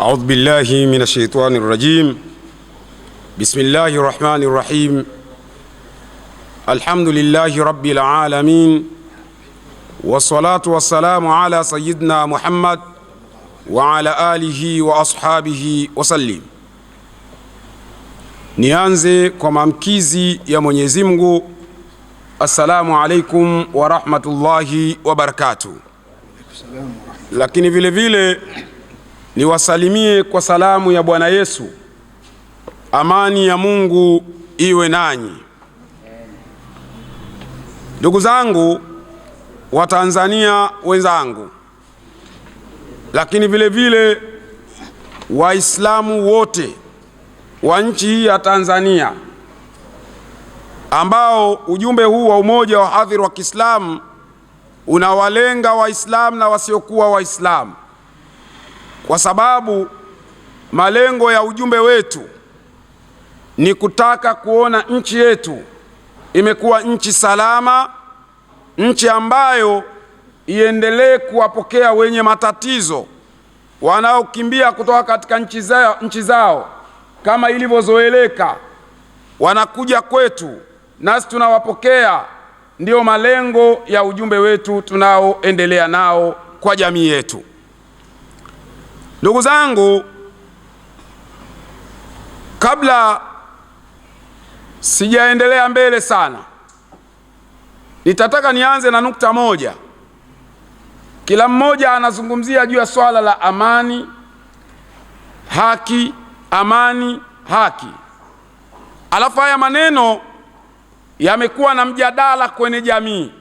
أعوذ بالله من الشيطان الرجيم بسم الله الرحمن الرحيم الحمد لله رب العالمين والصلاة والسلام على سيدنا محمد وعلى آله وأصحابه وسلم. Nianze kwa maamkizi ya Mwenyezi Mungu. Assalamu alaikum wa rahmatullahi wa barakatuh. Lakini vile vile niwasalimie kwa salamu ya Bwana Yesu. Amani ya Mungu iwe nanyi. Ndugu zangu Watanzania wenzangu, lakini vile vile Waislamu wote wa nchi hii ya Tanzania ambao ujumbe huu wa umoja wa hadhir wa Kiislamu unawalenga Waislamu na wasiokuwa Waislamu kwa sababu malengo ya ujumbe wetu ni kutaka kuona nchi yetu imekuwa nchi salama, nchi ambayo iendelee kuwapokea wenye matatizo wanaokimbia kutoka katika nchi zao, nchi zao kama ilivyozoeleka, wanakuja kwetu nasi tunawapokea. Ndiyo malengo ya ujumbe wetu tunaoendelea nao kwa jamii yetu. Ndugu zangu, kabla sijaendelea mbele sana, nitataka nianze na nukta moja. Kila mmoja anazungumzia juu ya swala la amani, haki, amani, haki. Alafu haya maneno yamekuwa na mjadala kwenye jamii.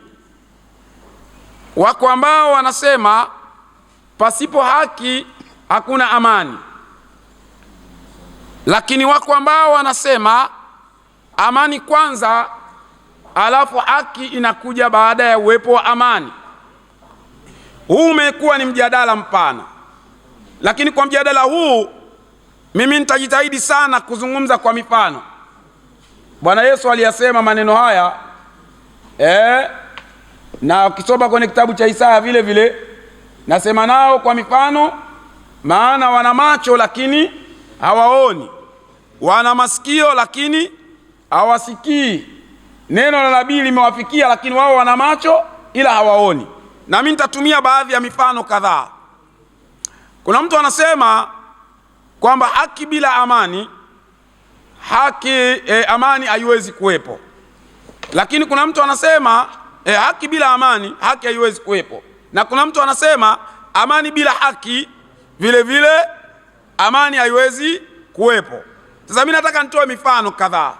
Wako ambao wanasema pasipo haki hakuna amani. Lakini wako ambao wanasema amani kwanza, alafu haki inakuja baada ya uwepo wa amani. Huu umekuwa ni mjadala mpana, lakini kwa mjadala huu mimi nitajitahidi sana kuzungumza kwa mifano. Bwana Yesu aliyasema maneno haya eh, na ukisoma kwenye kitabu cha Isaya vile vile, nasema nao kwa mifano maana wana macho lakini hawaoni, wana masikio lakini hawasikii. Neno la nabii limewafikia, lakini wao wana macho ila hawaoni. Na mimi nitatumia baadhi ya mifano kadhaa. Kuna mtu anasema kwamba haki bila amani haki e, amani haiwezi kuwepo, lakini kuna mtu anasema e, haki bila amani haki haiwezi kuwepo, na kuna mtu anasema amani bila haki vile vile amani haiwezi kuwepo. Sasa mimi nataka nitoe mifano kadhaa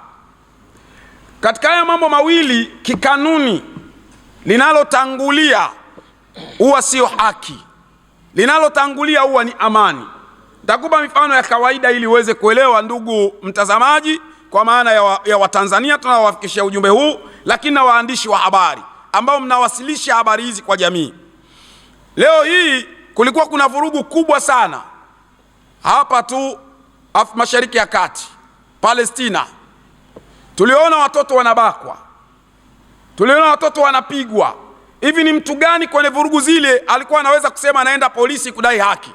katika haya mambo mawili. Kikanuni, linalotangulia huwa sio haki, linalotangulia huwa ni amani. Nitakupa mifano ya kawaida ili uweze kuelewa, ndugu mtazamaji, kwa maana ya Watanzania wa tunaowafikishia ujumbe huu, lakini na waandishi wa habari ambao mnawasilisha habari hizi kwa jamii leo hii kulikuwa kuna vurugu kubwa sana hapa tu mashariki ya kati Palestina. Tuliona watoto wanabakwa, tuliona watoto wanapigwa. Hivi ni mtu gani kwenye vurugu zile alikuwa anaweza kusema anaenda polisi kudai haki?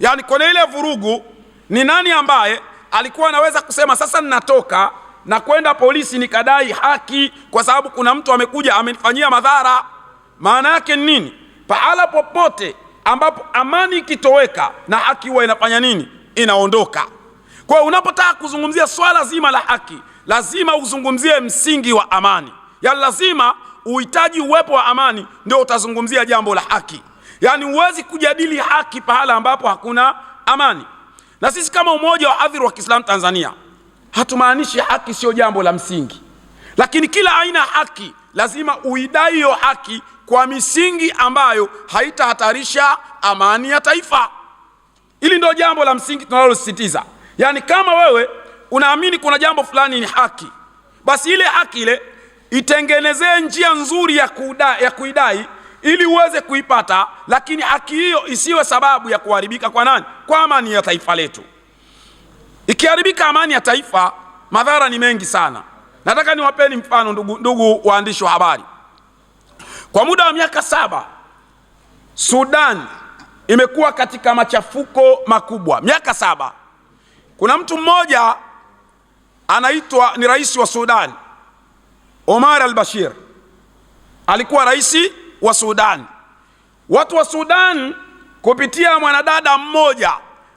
Yaani kwenye ile vurugu ni nani ambaye alikuwa anaweza kusema sasa ninatoka na kwenda polisi nikadai haki, kwa sababu kuna mtu amekuja amenifanyia madhara? Maana yake ni nini? Pahala popote ambapo amani ikitoweka na haki huwa inafanya nini? Inaondoka. Kwa hiyo unapotaka kuzungumzia swala zima la haki, lazima uzungumzie msingi wa amani, yaani lazima uhitaji uwepo wa amani, ndio utazungumzia jambo la haki. Yaani huwezi kujadili haki pahala ambapo hakuna amani. Na sisi kama Umoja wa Hadhir wa Kiislamu Tanzania hatumaanishi haki sio jambo la msingi, lakini kila aina ya haki lazima uidai hiyo haki kwa misingi ambayo haitahatarisha amani ya taifa. Hili ndio jambo la msingi tunalosisitiza. Yaani, kama wewe unaamini kuna jambo fulani ni haki, basi ile haki ile itengenezee njia nzuri ya kudai, ya kuidai ili uweze kuipata, lakini haki hiyo isiwe sababu ya kuharibika kwa nani? Kwa amani ya taifa letu. Ikiharibika amani ya taifa, madhara ni mengi sana. Nataka niwapeni mfano ndugu, ndugu waandishi wa habari. Kwa muda wa miaka saba Sudan imekuwa katika machafuko makubwa, miaka saba. Kuna mtu mmoja anaitwa ni rais wa Sudan, Omar al-Bashir alikuwa rais wa Sudan. Watu wa Sudan kupitia mwanadada mmoja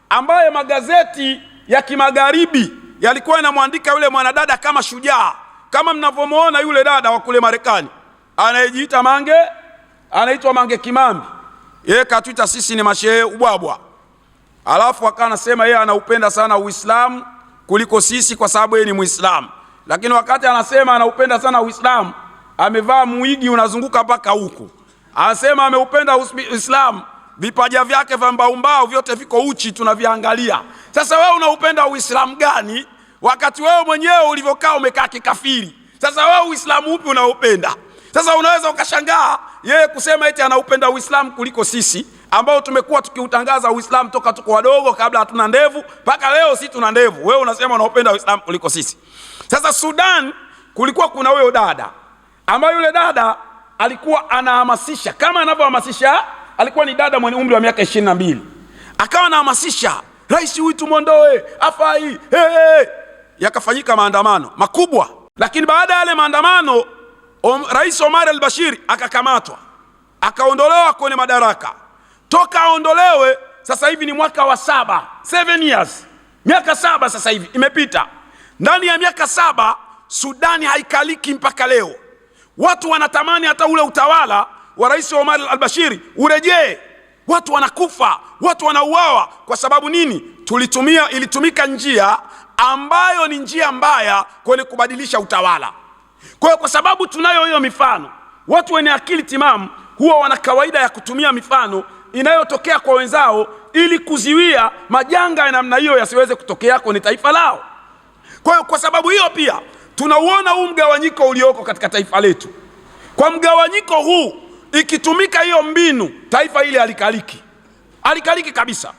ambaye magazeti ya kimagharibi yalikuwa yanamwandika yule mwanadada kama shujaa, kama mnavyomwona yule dada wa kule Marekani anayejiita Mange, anaitwa Mange Kimambi, yeye katuita sisi ni mashehe ubwabwa. Alafu akawa anasema yeye anaupenda sana Uislamu kuliko sisi kwa sababu yeye ni Muislamu, lakini wakati anasema anaupenda sana Uislamu amevaa mwigi unazunguka mpaka huku, anasema ameupenda Uislamu vipaja vyake vya mbaumbao vyote viko uchi, tunaviangalia. Sasa wewe unaupenda Uislamu gani wakati wewe mwenyewe ulivyokaa umekaa kikafiri. Sasa wewe Uislamu upi unaopenda? Sasa unaweza ukashangaa yeye kusema eti anaupenda Uislamu kuliko sisi ambao tumekuwa tukiutangaza Uislamu toka tuko wadogo, kabla hatuna ndevu mpaka leo, si tuna ndevu. Wewe unasema unaupenda Uislamu kuliko sisi. Sasa Sudan kulikuwa kuna huyo dada ambaye yule dada alikuwa anahamasisha kama anavyohamasisha, alikuwa ni dada mwenye umri wa miaka ishirini na mbili, akawa anahamasisha rais huyu tumwondoe, afai hey, hey yakafanyika maandamano makubwa, lakini baada ya yale maandamano om, Rais Omar al-Bashir akakamatwa akaondolewa kwenye madaraka. Toka aondolewe sasa hivi ni mwaka wa saba, seven years, miaka saba sasa hivi imepita. Ndani ya miaka saba Sudani haikaliki mpaka leo. Watu wanatamani hata ule utawala wa Rais Omar al-Bashir urejee. Watu wanakufa, watu wanauawa. Kwa sababu nini? Tulitumia, ilitumika njia ambayo ni njia mbaya kwenye kubadilisha utawala. Kwa hiyo, kwa sababu tunayo hiyo mifano, watu wenye akili timamu huwa wana kawaida ya kutumia mifano inayotokea kwa wenzao ili kuziwia majanga ya namna hiyo yasiweze kutokea kwenye taifa lao. Kwa hiyo, kwa sababu hiyo pia tunauona huu mgawanyiko ulioko katika taifa letu. Kwa mgawanyiko huu, ikitumika hiyo mbinu, taifa hili halikaliki, halikaliki kabisa.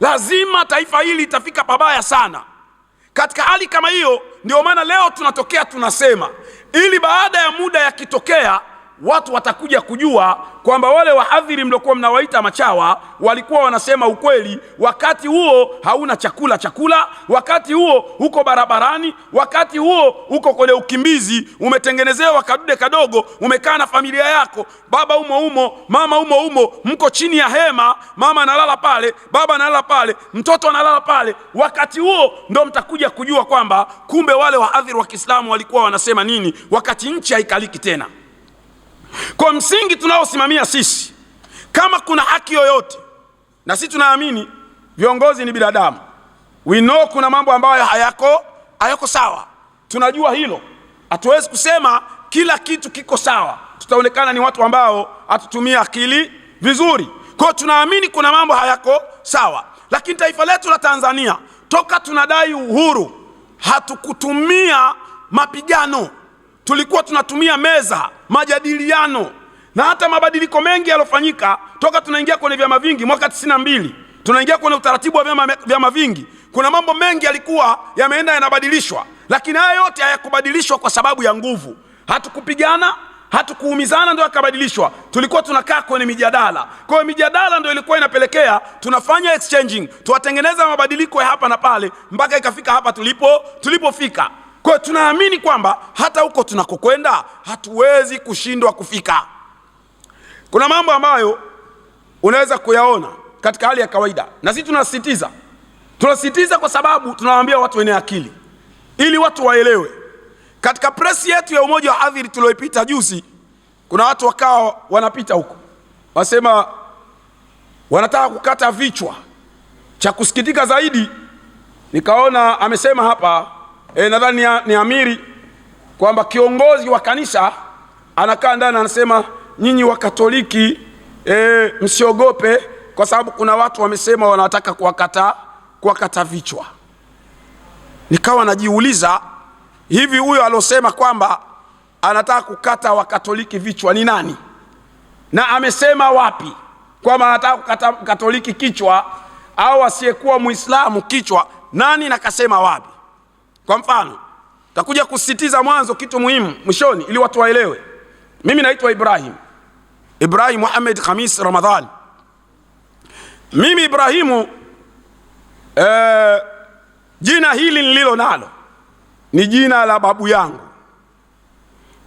Lazima taifa hili itafika pabaya sana. Katika hali kama hiyo, ndio maana leo tunatokea tunasema, ili baada ya muda yakitokea watu watakuja kujua kwamba wale wahadhiri mliokuwa mnawaita machawa walikuwa wanasema ukweli. Wakati huo hauna chakula chakula, wakati huo uko barabarani, wakati huo uko kwenye ukimbizi, umetengenezewa kadude kadogo, umekaa na familia yako, baba umo umo, mama umo umo, mko chini ya hema, mama analala pale, baba analala pale, mtoto analala pale. Wakati huo ndo mtakuja kujua kwamba kumbe wale wahadhiri wa Kiislamu walikuwa wanasema nini, wakati nchi haikaliki tena. Kwa msingi tunaosimamia sisi, kama kuna haki yoyote, na sisi tunaamini viongozi ni binadamu, we know kuna mambo ambayo hayako hayako sawa, tunajua hilo. Hatuwezi kusema kila kitu kiko sawa, tutaonekana ni watu ambao hatutumia akili vizuri. Kwa tunaamini kuna mambo hayako sawa, lakini taifa letu la Tanzania toka tunadai uhuru hatukutumia mapigano tulikuwa tunatumia meza, majadiliano na hata mabadiliko mengi yaliyofanyika toka tunaingia kwenye vyama vingi mwaka mbili tunaingia kwenye utaratibu wa vyama, vyama vingi. Kuna mambo mengi yalikuwa yameenda yanabadilishwa, lakini haya yote hayakubadilishwa kwa sababu ya nguvu. Hatukupigana, hatukuumizana, ndio yakabadilishwa. Tulikuwa tunakaa kwenye mijadala. Kwa hiyo mijadala ndio ilikuwa inapelekea tunafanya exchanging, tuwatengeneza mabadiliko ya hapa na pale mpaka ikafika hapa tulipo tulipofika. Kwa tunaamini kwamba hata huko tunakokwenda hatuwezi kushindwa kufika. Kuna mambo ambayo unaweza kuyaona katika hali ya kawaida, na sisi tunasisitiza, tunasisitiza kwa sababu tunawaambia watu wenye akili ili watu waelewe. Katika presi yetu ya umoja wa adhiri tulioipita juzi, kuna watu wakawa wanapita huko wasema wanataka kukata vichwa. Cha kusikitika zaidi, nikaona amesema hapa e, nadhani ni amiri kwamba kiongozi wa kanisa anakaa ndani anasema nyinyi Wakatoliki e, eh, msiogope kwa sababu kuna watu wamesema wanataka kuwakata kuwakata vichwa. Nikawa najiuliza hivi, huyo alosema kwamba anataka kukata wakatoliki vichwa ni nani, na amesema wapi kwamba anataka kukata katoliki kichwa au asiyekuwa mwislamu kichwa? Nani nakasema wapi? Kwa mfano, takuja kusisitiza mwanzo kitu muhimu mwishoni, ili watu waelewe. Mimi naitwa Ibrahim Ibrahim Muhammad Khamis Ramadhani. Mimi Ibrahimu eh, jina hili nililo nalo ni jina la babu yangu.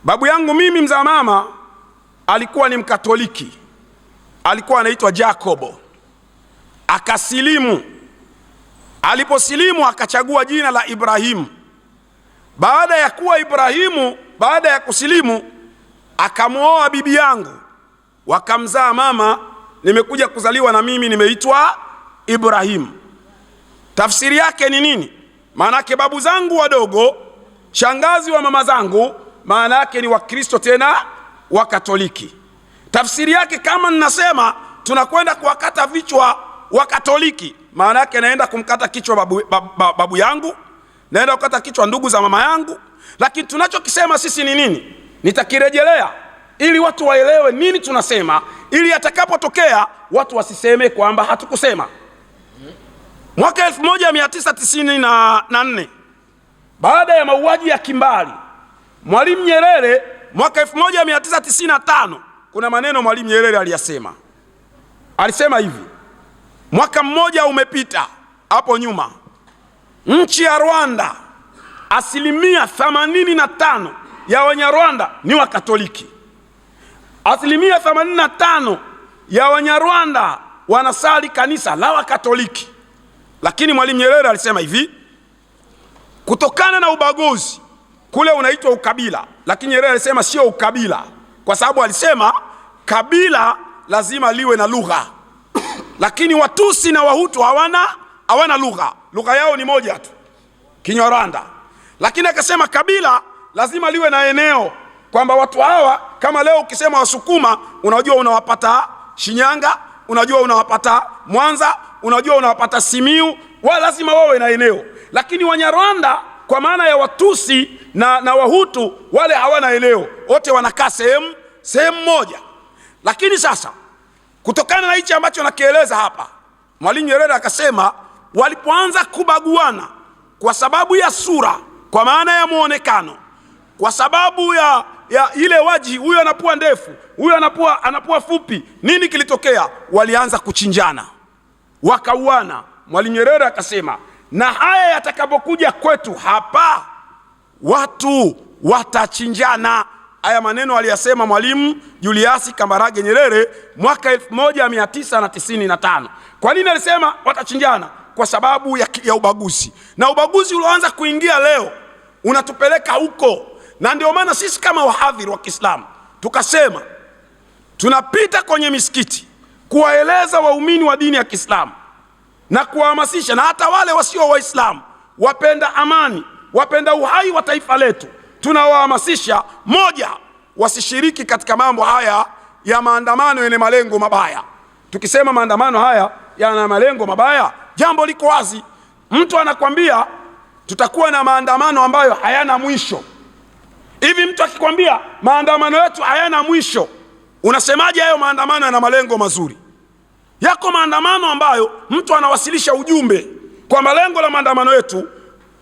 Babu yangu mimi mzaa mama alikuwa ni Mkatoliki, alikuwa anaitwa Jacobo, akasilimu Aliposilimu akachagua jina la Ibrahimu. Baada ya kuwa Ibrahimu, baada ya kusilimu akamwoa bibi yangu, wakamzaa mama. Nimekuja kuzaliwa na mimi nimeitwa Ibrahimu. Tafsiri yake ni nini? Maana yake babu zangu wadogo, shangazi wa mama zangu, maana yake ni Wakristo tena Wakatoliki. Tafsiri yake kama ninasema, tunakwenda kuwakata vichwa Wakatoliki, maana yake naenda kumkata kichwa babu, babu, babu yangu, naenda kukata kichwa ndugu za mama yangu. Lakini tunachokisema sisi ni nini? Nitakirejelea ili watu waelewe nini tunasema, ili atakapotokea watu wasiseme kwamba hatukusema. Mwaka 1994 baada ya mauaji ya kimbali Mwalimu Nyerere mwaka 1995, kuna maneno Mwalimu Nyerere aliyasema, alisema hivi Mwaka mmoja umepita hapo nyuma, nchi ya Rwanda asilimia 85 ya Wanyarwanda ni Wakatoliki, asilimia 85 ya Wanyarwanda wanasali kanisa la Wakatoliki. Lakini Mwalimu Nyerere alisema hivi, kutokana na ubaguzi kule unaitwa ukabila, lakini Nyerere alisema sio ukabila, kwa sababu alisema kabila lazima liwe na lugha lakini Watusi na Wahutu hawana hawana lugha, lugha yao ni moja tu Kinyoranda. Lakini akasema kabila lazima liwe na eneo, kwamba watu hawa kama leo ukisema Wasukuma unajua unawapata Shinyanga, unajua unawapata Mwanza, unajua unawapata Simiu, wa lazima wawe na eneo. Lakini Wanyarwanda kwa maana ya Watusi na, na Wahutu wale hawana eneo, wote wanakaa sehemu sehemu moja. Lakini sasa Kutokana na hichi ambacho nakieleza hapa, Mwalimu Nyerere akasema walipoanza kubaguana kwa sababu ya sura, kwa maana ya muonekano, kwa sababu ya, ya ile waji, huyu anapua ndefu, huyu anapua, anapua fupi, nini kilitokea? Walianza kuchinjana, wakauana. Mwalimu Nyerere akasema na haya yatakapokuja kwetu hapa, watu watachinjana. Haya maneno aliyasema Mwalimu Julius Kambarage Nyerere mwaka 1995. Kwa nini alisema watachinjana? Kwa sababu ya, ya ubaguzi, na ubaguzi ulioanza kuingia leo unatupeleka huko, na ndio maana sisi kama wahadhiri wa Kiislamu tukasema tunapita kwenye misikiti kuwaeleza waumini wa dini ya Kiislamu na kuwahamasisha, na hata wale wasio Waislamu wapenda amani, wapenda uhai wa taifa letu tunawahamasisha moja, wasishiriki katika mambo haya ya maandamano yenye malengo mabaya. Tukisema maandamano haya yana malengo mabaya, jambo liko wazi. Mtu anakwambia tutakuwa na maandamano ambayo hayana mwisho. Hivi mtu akikwambia maandamano yetu hayana mwisho, unasemaje hayo maandamano yana malengo mazuri? Yako maandamano ambayo mtu anawasilisha ujumbe kwamba lengo la maandamano yetu,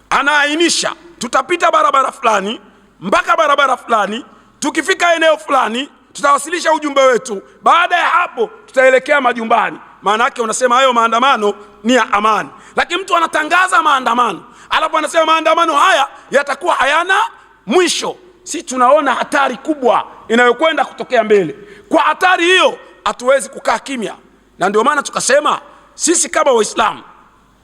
anaainisha tutapita barabara fulani, mpaka barabara fulani. Tukifika eneo fulani, tutawasilisha ujumbe wetu. Baada ya hapo, tutaelekea majumbani. Maana yake unasema hayo maandamano ni ya amani, lakini mtu anatangaza maandamano alafu anasema maandamano haya yatakuwa hayana mwisho. Si tunaona hatari kubwa inayokwenda kutokea mbele? Kwa hatari hiyo, hatuwezi kukaa kimya, na ndio maana tukasema sisi kama Waislamu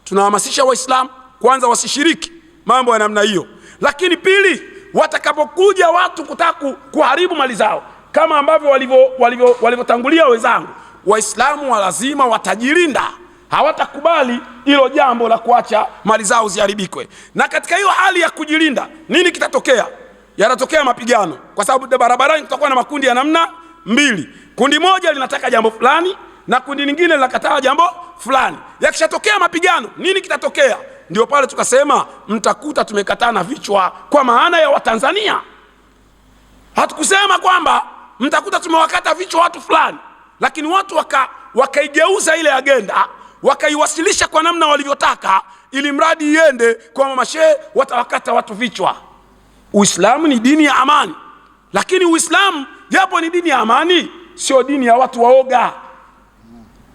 tunahamasisha Waislamu kwanza wasishiriki mambo ya namna hiyo, lakini pili watakapokuja watu kutaka kuharibu mali zao, kama ambavyo walivyotangulia wenzangu, Waislamu lazima watajilinda, hawatakubali hilo jambo la kuacha mali zao ziharibikwe. Na katika hiyo hali ya kujilinda, nini kitatokea? Yanatokea mapigano, kwa sababu barabarani kutakuwa na makundi ya namna mbili. Kundi moja linataka jambo fulani na kundi lingine linakataa jambo fulani. Yakishatokea mapigano, nini kitatokea? Ndio pale tukasema mtakuta tumekatana vichwa, kwa maana ya Watanzania. Hatukusema kwamba mtakuta tumewakata vichwa watu fulani, lakini watu waka wakaigeuza ile agenda wakaiwasilisha kwa namna walivyotaka, ili mradi iende kwa mama watawakata watu vichwa. Uislamu ni dini ya amani, lakini Uislamu japo ni dini ya amani, sio dini ya watu waoga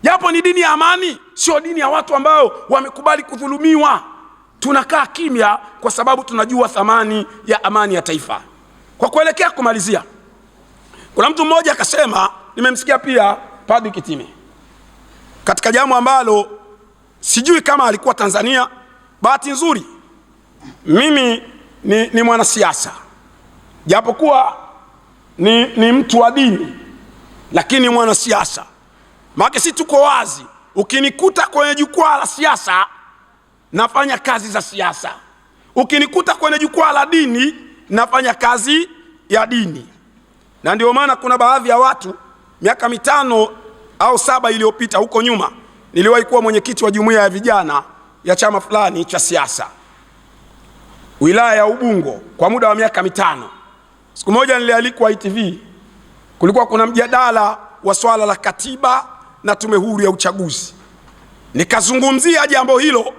japo ni dini ya amani, sio dini ya watu ambao wamekubali kudhulumiwa. Tunakaa kimya kwa sababu tunajua thamani ya amani ya taifa. Kwa kuelekea kumalizia, kuna mtu mmoja akasema, nimemsikia pia Padri Kitime katika jambo ambalo sijui kama alikuwa Tanzania. Bahati nzuri mimi ni, ni mwanasiasa japokuwa ni, ni mtu wa dini, lakini mwanasiasa maana si tuko wazi, ukinikuta kwenye jukwaa la siasa nafanya kazi za siasa, ukinikuta kwenye jukwaa la dini nafanya kazi ya dini. Na ndio maana kuna baadhi ya watu miaka mitano au saba iliyopita huko nyuma, niliwahi kuwa mwenyekiti wa jumuiya ya vijana ya chama fulani cha siasa wilaya ya Ubungo kwa muda wa miaka mitano. Siku moja nilialikwa ITV, kulikuwa kuna mjadala wa swala la katiba na tume huru ya uchaguzi. Nikazungumzia jambo hilo,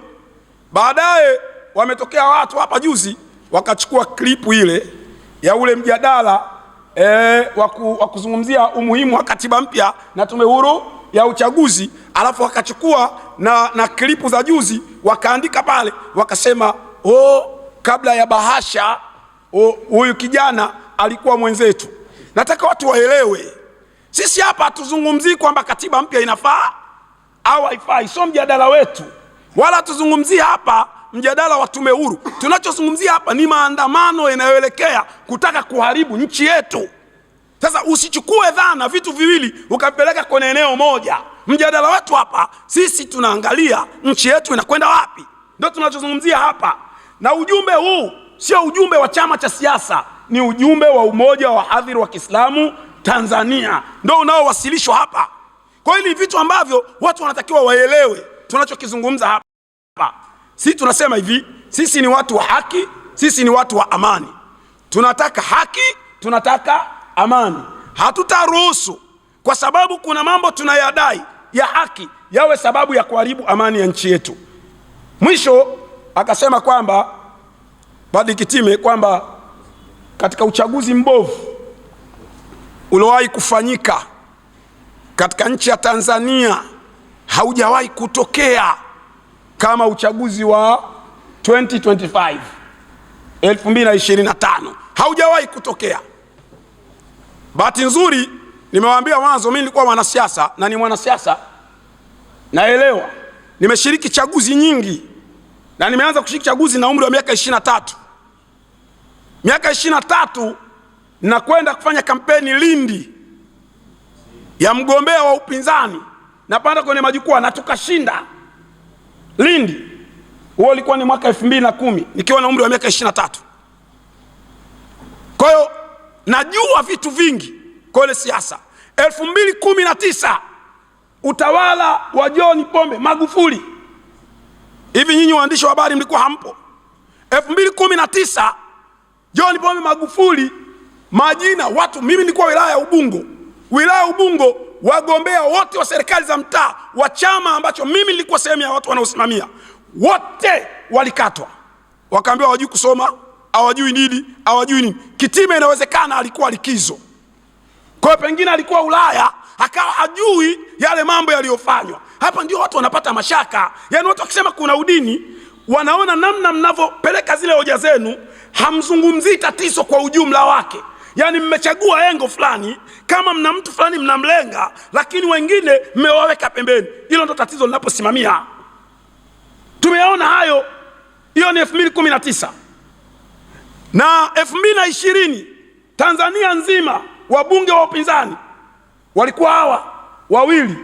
baadaye wametokea watu hapa juzi wakachukua klipu ile ya ule mjadala e, wa kuzungumzia umuhimu wa katiba mpya na tume huru ya uchaguzi, alafu wakachukua na, na klipu za juzi wakaandika pale wakasema, oh, kabla ya bahasha oh, huyu oh, kijana alikuwa mwenzetu. Nataka watu waelewe sisi hapa hatuzungumzii kwamba katiba mpya inafaa au haifai, sio mjadala wetu, wala hatuzungumzii hapa mjadala wa tume huru. Tunachozungumzia hapa ni maandamano yanayoelekea kutaka kuharibu nchi yetu. Sasa usichukue dhana vitu viwili ukapeleka kwenye eneo moja. Mjadala wetu hapa sisi tunaangalia nchi yetu inakwenda wapi, ndio tunachozungumzia hapa, na ujumbe huu sio ujumbe wa chama cha siasa, ni ujumbe wa umoja wa hadhir wa Kiislamu Tanzania ndio unaowasilishwa hapa. Kwa hiyo ni vitu ambavyo watu wanatakiwa waelewe tunachokizungumza hapa. Sisi tunasema hivi, sisi ni watu wa haki, sisi ni watu wa amani. Tunataka haki, tunataka amani. Hatutaruhusu kwa sababu kuna mambo tunayadai ya haki yawe sababu ya kuharibu amani ya nchi yetu. Mwisho akasema kwamba Padri Kitime kwamba katika uchaguzi mbovu uliowahi kufanyika katika nchi ya Tanzania haujawahi kutokea kama uchaguzi wa 2025 2025 haujawahi kutokea. Bahati nzuri nimewaambia mwanzo, mimi nilikuwa mwanasiasa na ni mwanasiasa naelewa. Nimeshiriki chaguzi nyingi na nimeanza kushiriki chaguzi na umri wa miaka 23 miaka 23 na kwenda kufanya kampeni Lindi ya mgombea wa upinzani, napanda kwenye majukwaa na tukashinda Lindi. Huo ulikuwa ni mwaka elfu mbili na kumi nikiwa na umri wa miaka ishirini na tatu. Kwa hiyo najua vitu vingi kwenye siasa. elfu mbili kumi na tisa utawala wa John Pombe Magufuli. Hivi nyinyi waandishi wa habari mlikuwa hampo? elfu mbili kumi na tisa John Pombe Magufuli majina watu. Mimi nilikuwa wilaya ya Ubungo, wilaya ya Ubungo wagombea wote wa serikali za mtaa wa chama ambacho mimi nilikuwa sehemu ya watu wanaosimamia wote walikatwa, wakaambiwa hawajui kusoma, hawajui nini, hawajui nini. Kitime inawezekana alikuwa likizo, kwa pengine alikuwa Ulaya akawa ajui yale mambo yaliyofanywa hapa. Ndio watu wanapata mashaka, yaani watu wakisema kuna udini wanaona namna mnavyopeleka zile hoja zenu, hamzungumzii tatizo kwa ujumla wake yaani mmechagua engo fulani, kama mna mtu fulani mnamlenga, lakini wengine mmewaweka pembeni. Hilo ndo tatizo linaposimamia. Tumeyaona hayo, hiyo ni elfu mbili kumi na tisa na elfu mbili na ishirini Tanzania nzima wabunge wa upinzani walikuwa hawa wawili,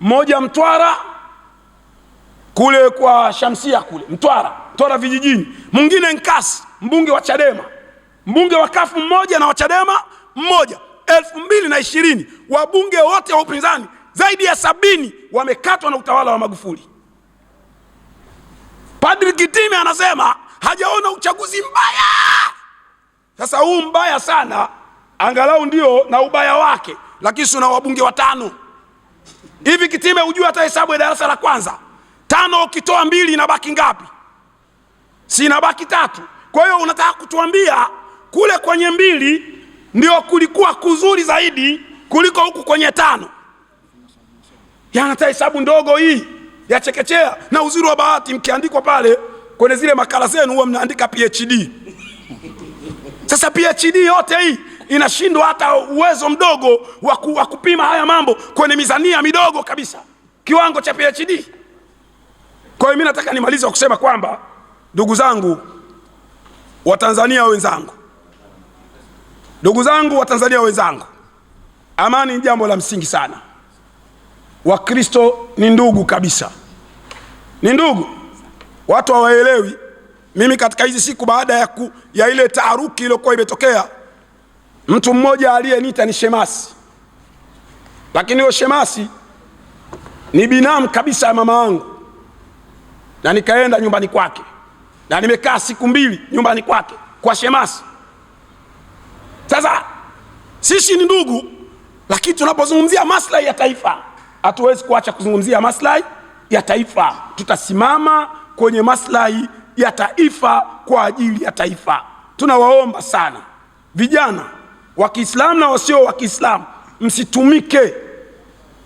mmoja Mtwara kule kwa Shamsia kule Mtwara, Mtwara vijijini, mwingine Nkasi, mbunge wa Chadema mbunge wa kafu mmoja na wachadema mmoja. elfu mbili na ishirini wabunge wote wa upinzani zaidi ya sabini wamekatwa na utawala wa Magufuli. Padri Kitime anasema hajaona uchaguzi mbaya. Sasa huu mbaya sana, angalau ndio na ubaya wake, lakini suna wabunge watano hivi. Kitime hujua hata hesabu ya darasa la kwanza, tano ukitoa mbili inabaki ngapi? Si inabaki tatu. Kwa hiyo unataka kutuambia kule kwenye mbili ndio kulikuwa kuzuri zaidi kuliko huku kwenye tano. Yanata hesabu ndogo hii ya chekechea na uzuri wa bahati, mkiandikwa pale kwenye zile makala zenu huwa mnaandika PhD. Sasa PhD yote hii inashindwa hata uwezo mdogo wa kupima haya mambo kwenye mizania midogo kabisa, kiwango cha PhD. Kwa hiyo mimi nataka nimalize kusema kwamba ndugu zangu Watanzania wenzangu Ndugu zangu wa tanzania wenzangu, amani ni jambo la msingi sana. Wakristo ni ndugu kabisa, ni ndugu. Watu hawaelewi. Mimi katika hizi siku baada ya, ku, ya ile taharuki iliyokuwa imetokea, mtu mmoja aliyenita ni shemasi, lakini huyo shemasi ni binamu kabisa ya mama yangu, na nikaenda nyumbani kwake na nimekaa siku mbili nyumbani kwake kwa shemasi sisi ni ndugu, lakini tunapozungumzia maslahi ya taifa hatuwezi kuacha kuzungumzia maslahi ya taifa. Tutasimama kwenye maslahi ya taifa kwa ajili ya taifa. Tunawaomba sana vijana wa Kiislamu na wasio wa Kiislamu, msitumike.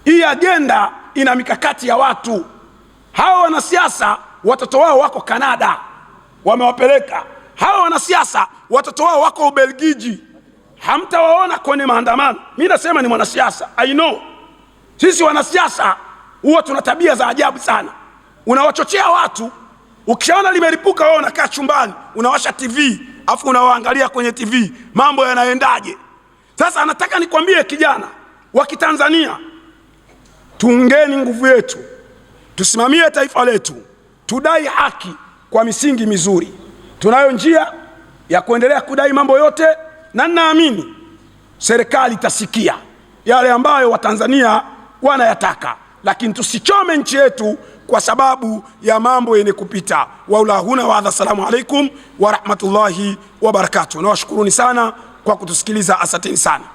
Hii ajenda ina mikakati ya watu. Hawa wanasiasa watoto wao wako Kanada, wamewapeleka. Hawa wanasiasa watoto wao wako Ubelgiji hamtawaona kwenye maandamano. Mi nasema ni mwanasiasa, I know sisi wanasiasa huwa tuna tabia za ajabu sana. Unawachochea watu, ukishaona limeripuka wewe unakaa chumbani, unawasha TV afu unawaangalia kwenye TV mambo yanaendaje. Sasa anataka nikwambie kijana wa Kitanzania, tuungeni nguvu yetu, tusimamie taifa letu, tudai haki kwa misingi mizuri. Tunayo njia ya kuendelea kudai mambo yote na ninaamini serikali itasikia yale ambayo Watanzania wanayataka, lakini tusichome nchi yetu kwa sababu ya mambo yenye kupita. waulahuna wadha Assalamu alaikum warahmatullahi wabarakatuh. Nawashukuruni sana kwa kutusikiliza, asanteni sana.